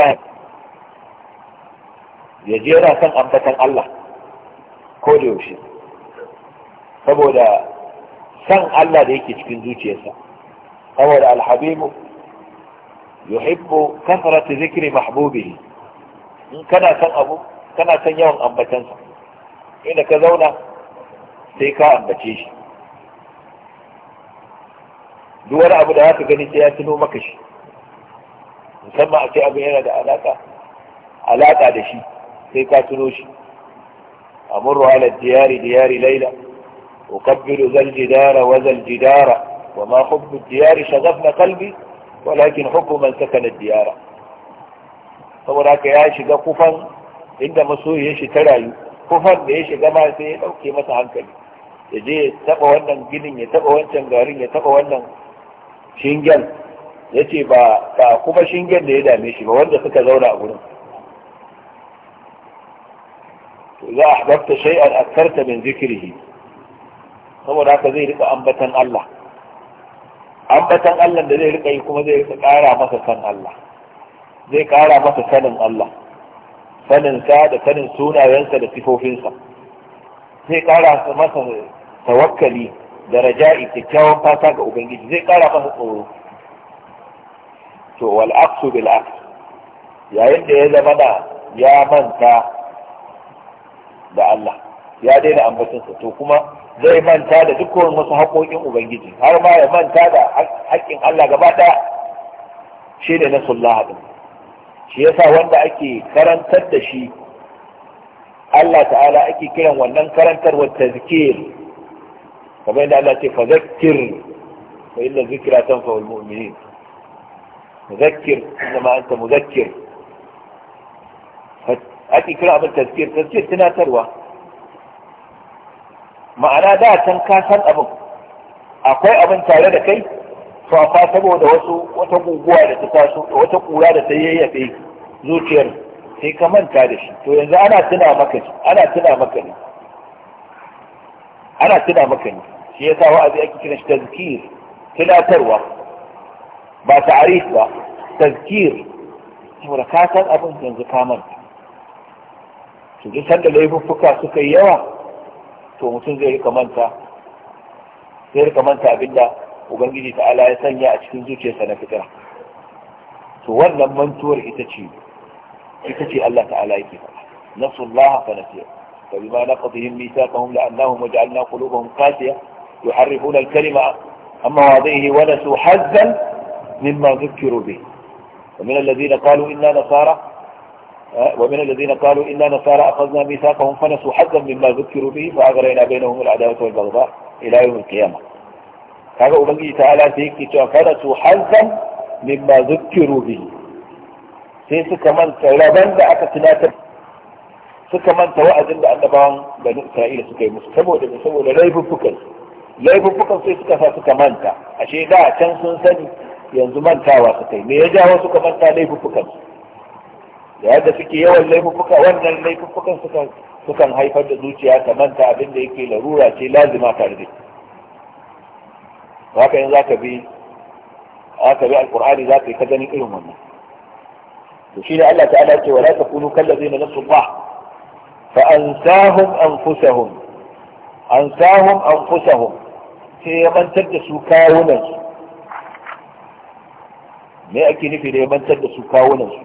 ya je yana son ambatan Allah ko da yaushe saboda san Allah da yake cikin zuciyarsa saboda alhabibu yuhibbu kasratu zikri mahbubihi in kana son abu kana son yawan ambatansa inda ka zauna sai ka ambace shi duk wani abu da za ka gani sai ya tuno maka shi musamman a ce abin yana da alaƙa, alaƙa da shi sai ka tuno shi amurru ala diyari diyari laila ukabbiru zal jidara wa zal jidara wa ma hubbu diyari shaghafna qalbi walakin hubbu man sakana diyara saboda haka ya shiga kufan inda masoyiyar shi ta rayu har da ya shiga ma sai ya dauke masa hankali ya je ya taba wannan ginin ya taba wancan garin ya taba wannan shingen ya ce ba ba kuma shingen da ya dame shi ba wanda suka zauna a gurin za a habbata shay'an akarta min zikrihi saboda haka zai rika ambatan Allah ambatan Allah da zai rika yi kuma zai rika kara masa san Allah zai kara masa sanin Allah saninsa da sanin sunayensa da sifofinsa zai kara masa tawakkali da raja'i kyakkyawan fata ga ubangiji zai kara masa tsoro to wal aqsu bil aqs yayin da ya zama da ya manta da Allah ya daina ambatinsa to kuma zai manta da dukkan wasu haƙoƙin ubangiji har ma ya manta da haƙƙin Allah gaba ɗaya shi da nasullahu shi yasa wanda ake karantar da shi Allah ta'ala ake kiran wannan karantarwar tazkir kamar yadda Allah ce fazakir fa inna zikra tanfa'ul mu'minin muzakkir ma anta muzakkir ake kira abin tazkir tazkir tunatarwa ma'ana da can ka san abin akwai abin tare da kai to amma saboda wasu wata guguwa da ta taso da wata kura da ta yayyafe zuciyar sai ka manta da shi to yanzu ana tuna maka ne ana tuna maka ne ana tuna maka ne shi sa wa'azi ake kiran shi tazkir tunatarwa ba ta'arif ba tazkir saboda ka san abin yanzu ka manta to duk sanda laifuffuka suka yi yawa to mutum zai rika manta zai rika manta abinda ubangiji ta ala ya sanya a cikin zuciyarsa na fitira to wannan mantuwar ita ce ita ce Allah ta'ala yake faɗa nasullah fa nasiya fa bima naqadhihim mithaqahum la'annahum waja'alna qulubahum qasiya yuharrifuna al-kalima amma wadhihi wa nasu hazzan mimma dhukiru bihi ومن الذين قالوا إنا نصارى ومن الذين قالوا إنا نصارى أخذنا ميثاقهم فنسوا حظا مما ذكروا به فأغرينا بينهم العداوة والبغضاء إلى يوم القيامة kaga ubangiji ta'ala sai yake cewa kada su min mimma zukkiru bihi sai suka manta raban da aka tunatar suka manta wa'azin da annabawan bani Isra'ila suka yi musu saboda saboda laifuffukan laifuffukan sai suka sa suka manta ashe da can sun sani yanzu mantawa suka yi me ya jawo suka manta laifuffukan da yadda suke yawan laifuffuka wannan laifuffukan sukan sukan haifar da zuciya ta manta abin da yake larura ce lazima tare da haka yanzu zaka bi aka bi alqur'ani zaka yi ta ganin irin wannan to shi ne Allah ta'ala ce wala takunu kallazina nasu Allah fa ansahum anfusahum ansahum anfusahum sai ya mantar da su kawunan su me ake nufi da ya mantar da su kawunan su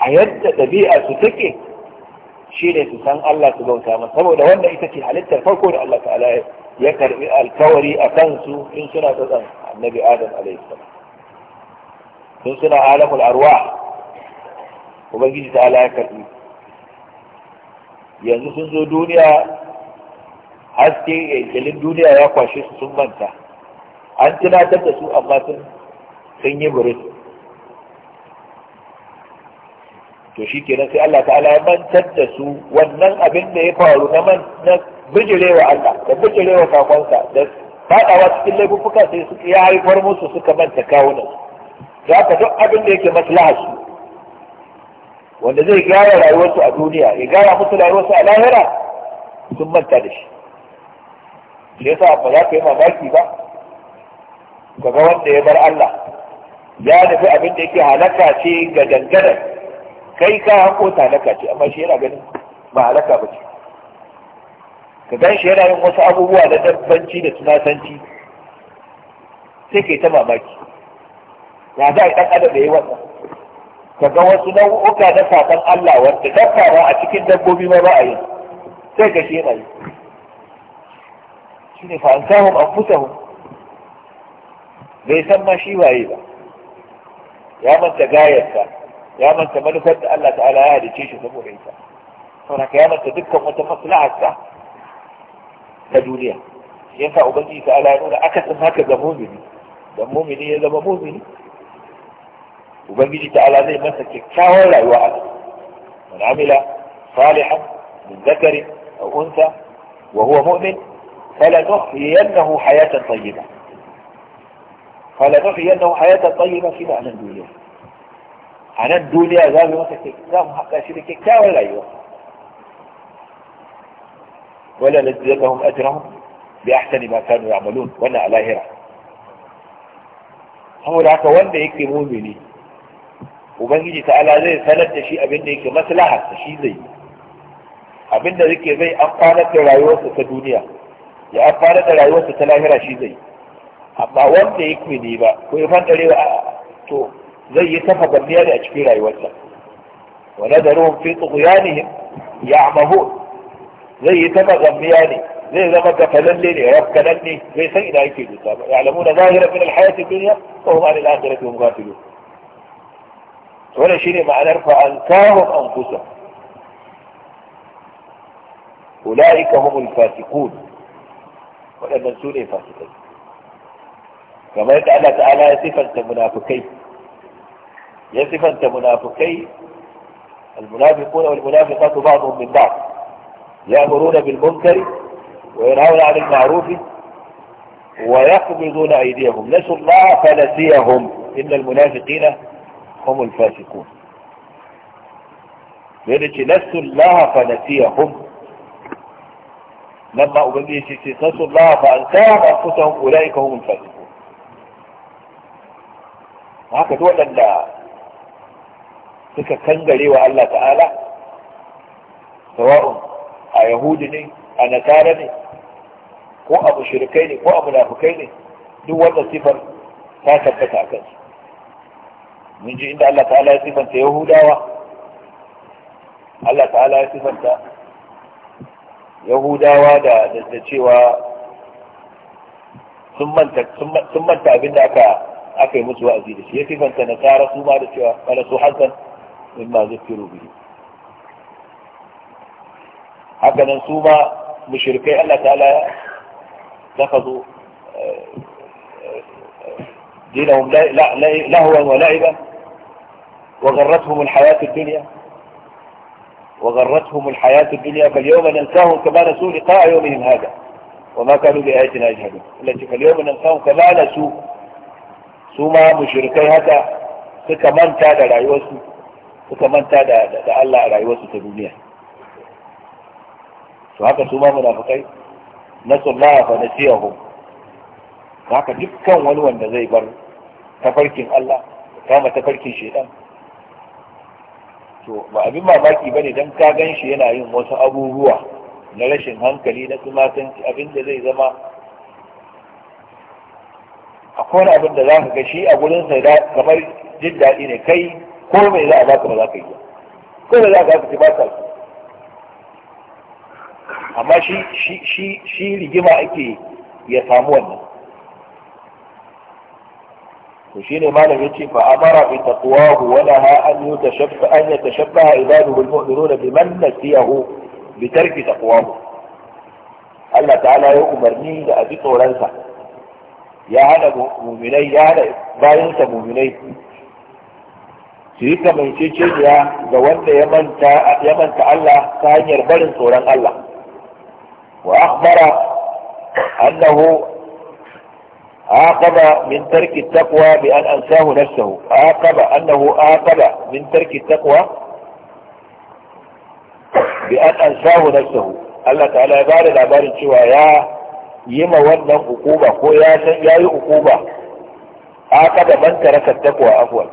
a yadda ɗabi'a su take shi ne su san Allah su bauta masa saboda wannan ita ce halittar farko da Allah ta'ala ya ya karbi alkawari a kansu in suna tsatsan annabi adam alaihissalam Sun suna alamul arwa ubangiji ta ala ya karbi yanzu sun zo duniya haske ƙyanƙyalin duniya ya kwashe su sun manta an tunatar da su amma sun yi burin to shi kenan sai Allah ta'ala ya mantar da su wannan abin da ya faru na bijirewa Allah da bijirewa kakonsa da fadawa cikin laifuka sai su ya haifar musu suka manta kawunan za ka duk abin da yake maslaha su wanda zai gyara rayuwarsu a duniya ya gyara musu rayuwarsu a lahira sun manta da shi shi yasa ba za ka yi mamaki ba ka ga wanda ya bar Allah ya nufi abin da yake halaka ce ga dangane kai ka hanko ta halaka ce amma shi yana ganin ba halaka ba ce ka gan shi yana yin wasu abubuwa da dabbanci da tunatanci sai ka yi ta mamaki ya za a yi ɗan adam da yi wannan ka ga wasu nau'uka na saƙon Allah wanda dabba a cikin dabbobi ma ba a yi sai ka shi yana yi shi ne fa'ansahun an fusahun bai san ma shi waye ba ya manta gayarsa ya manta manufar da Allah ta'ala ya halice shi saboda ita saboda ka ya manta dukkan wata maslaharsa ta duniya shi yasa ubangiji ta ala nuna akasin haka ga mumini dan mumini ya zama mumini ubangiji ta ala zai masa kyakkyawar rayuwa a man amila salihan min zakari aw unsa wa huwa mu'min falanuhyiyannahu hayatan tayyiba falanuhyiyannahu hayatan tayyiba fi ma'anan duniya a nan duniya za mu masa za mu haɗa shi da kyakkyawar rayuwa wala najziyannahum ajrahum bi ahsani ma kanu ya'malun wannan a lahira saboda haka wanda yake mumini ubangiji ta'ala zai sanar da shi abin da yake maslaha shi zai abin da yake zai amfanar da rayuwarsa ta duniya ya amfanar da rayuwarsa ta lahira shi zai amma wanda yake ne ba ko ya fantare ba to zai yi tafa ganniya ne a cikin rayuwarsa wa nadaruhum fi tughyanihim ya'mahun زي كما غمياني زي زي ما كفلني رب كلني زي سيدنا يكي يعلمون ظاهرة من الحياة الدنيا وهم عن الآخرة هم غافلون ولا شيء ما أن أرفع أنكارهم أنفسهم أولئك هم الفاسقون ولا نسوني إيه فاسقين كما يتعالى تعالى يصف أنت منافقي يصف أنت منافقي المنافقون والمنافقات بعضهم من بعض يأمرون بالمنكر وينهون عن المعروف ويقبضون أيديهم نسوا الله فنسيهم إن المنافقين هم الفاسقون يقول نسوا الله فنسيهم لما أبنيه نسوا الله فأنساهم أنفسهم أولئك هم الفاسقون هكذا وأن suka تكا كنجلي وعلا تعالى سواء a yahudi ne a nasara ne ko a mushrikai ne ko a munafukai ne duk wannan sifar ta tabbata a kansu mun ji inda Allah ta'ala ya sifanta yahudawa Allah ta'ala ya sifanta yahudawa da da cewa sun manta abin da aka aka yi musu wa'azi da shi ya sifanta nasara su ma da cewa wala su hasan mimma zukiru bihi haka nan مشركي الله تعالى اتخذوا دينهم لهوا ولعبا وغرتهم الحياة الدنيا وغرتهم الحياة الدنيا فاليوم ننساهم كما نسوا لقاء يومهم هذا وما كانوا بآياتنا يجهدون التي فاليوم ننساهم كما نسوا سوما مشركي هذا suka manta da rayuwarsu suka manta da Allah على rayuwarsu ta to haka su ma munafikai nasullaha fa nasiyahu haka dukkan wani wanda zai bar tafarkin Allah kama tafarkin shedan to ba abin mamaki bane dan ka gan shi yana yin wasu abubuwa na rashin hankali na tumatin abin da zai zama akwai wani abin da za ka gashi a gurin sa kamar jin daɗi ne kai ko mai za a baka ba za ka yi ko mai za a baka ba ka amma shi rigima ake ya samu wannan to shine malam yace fa amara bi taqwahu wa laha an yutashaffa an yatashabbaha ibaduhu almu'minuna biman nasiyahu bi tarki taqwahu Allah ta'ala ya umarni da abi tsoransa ya hada muminai ya hana bayansa muminai su yi kamanceceniya ga wanda ya manta Allah ta hanyar barin tsoron Allah وأخبر أنه عاقب من ترك التقوى بأن أنساه نفسه عاقب أنه عاقب من ترك التقوى بأن أنساه نفسه Allah ta'ala ya bada labarin cewa ya yi ma wannan hukuma ko ya san ya yi hukuma akaba man taraka taqwa afwan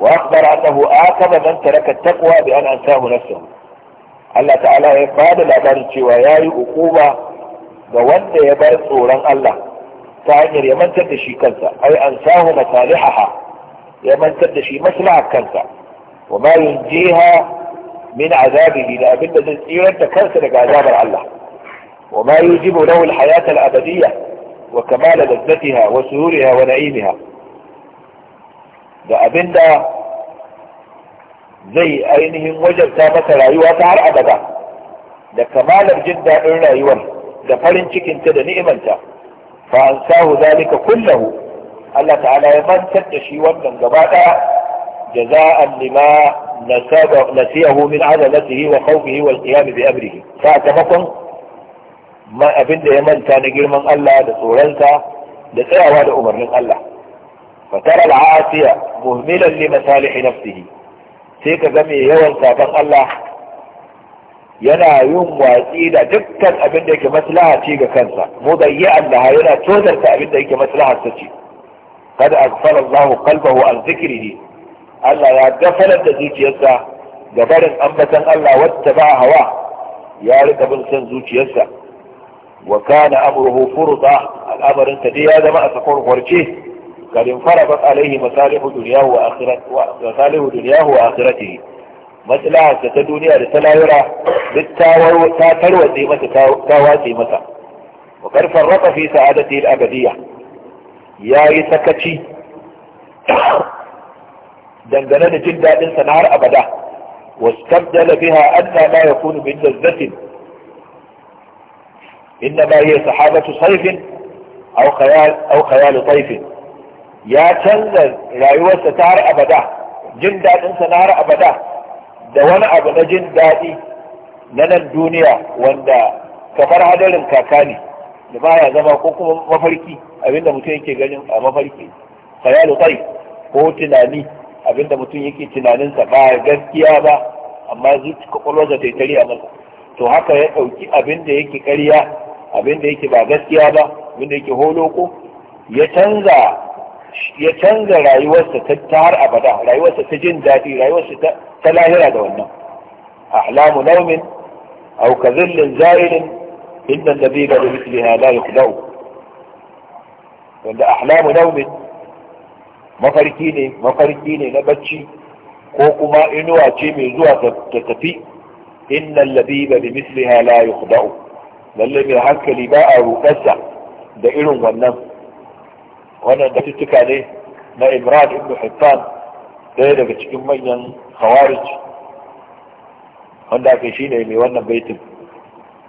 annahu akaba man bi an ansahu Allah ta'ala ya fada labarin cewa ya yi hukuma ga wanda ya bar tsoron Allah ta hanyar ya mantar da shi kansa ai an sahu masalihaha ya mantar da shi maslaha kansa wa ma yunjiha min azabihi da abinda zai tsirar da kansa daga azabar Allah wa ma yujibu lahu alhayat alabadiyya wa kamal lazzatiha wa sururiha wa na'imiha da abinda zai ainihin wajen masa rayuwa ta har abada da kamalar jin daɗin rayuwar da farin cikinta da ni'imanta fa an sahu zalika kullahu Allah ta'ala ya mantar da shi wannan gaba ɗaya jaza'an lima nasiyahu min azalatihi wa khawfihi wal qiyam bi amrihi sakamakon abin abinda ya manta na girman Allah da tsoronsa da tsayawa da umarnin Allah fatara al'asiya muhmilan li masalihi nafsihi sai ka ga mai yawan sabon Allah yana yin watsi da dukkan abin da yake maslaha ce ga kansa mudayyi'an Allah yana tozarta abin da yake maslaha ta ce kada aghfara Allah qalbahu an zikrihi Allah ya gafalar da zuciyarsa ga barin ambatan Allah wata ba hawa ya rika bin san zuciyarsa wa kana amruhu furda al'amarin ta dai ya zama a sakon kwarce قد انفرضت عليه مصالح دنياه واخرته مصالح دنياه واخرته مثلا الدنيا دنيا لتلا يرى بالتاور تلوزي تاواتي متى وقد فرط في سعادته الابدية يا يسكتشي دندنه جدا انسى نهار ابدا واستبدل بها ادنى ما يكون من لذة انما هي سحابه صيف او خيال او خيال طيف ya canza rayuwarsa ta har abada jin daɗinsa na har abada da wani abu na jin daɗi na nan duniya wanda kafar hadarin kaka ne da baya zama ko kuma mafarki abinda mutum yake ganin a mafarki khayalu kai ko tunani abinda mutum yake tunaninsa ba gaskiya ba amma zuci kwakwalwarsa ta yi tare a masa to haka ya ɗauki abinda yake karya, abinda yake ba gaskiya ba abinda yake holoko ya canza ya canza rayuwarsa ta har abada rayuwarsa ta jin daɗi rayuwarsa ta lahira da wannan ahlamu naumin aw ka zillin za'irin inda nabila da misliha da yukhda'u wanda ahlamu naumin mafarki ne mafarki ne na bacci ko kuma inuwa ce mai zuwa ta tafi innal labiba bi misliha la yukhda'u lalle mai hankali ba a rudarsa da irin wannan wannan batuttuka ne na imran ibn hittan ɗaya daga cikin manyan khawarij wanda aka shi ne mai wannan baitin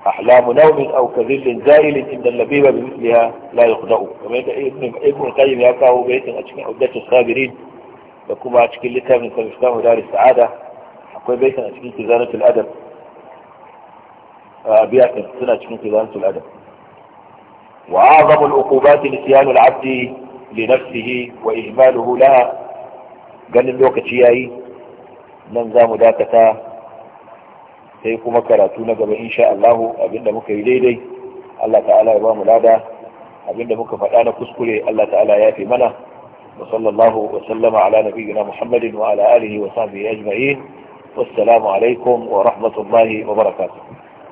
أحلام نوم أو كذل زائل إن اللبيب بمثلها لا يخدأ كما ابن ابن القيم يقع بيت اشكي عدة الصابرين وكما أشكال لك من سمفتاه دار السعادة أقول بيت اشكي خزانة الأدب آه، أبيات سنة الأدب وأعظم العقوبات نسيان العبد لنفسه وإهماله لها قال لك شيئا ننزام مداكتا سيكم كراتون قبل إن شاء الله أبن مكي ليلي الله تعالى يبام لادا أبن مكي فتانا كسكري الله تعالى ياتي منا وصلى الله وسلم على نبينا محمد وعلى آله وصحبه أجمعين والسلام عليكم ورحمة الله وبركاته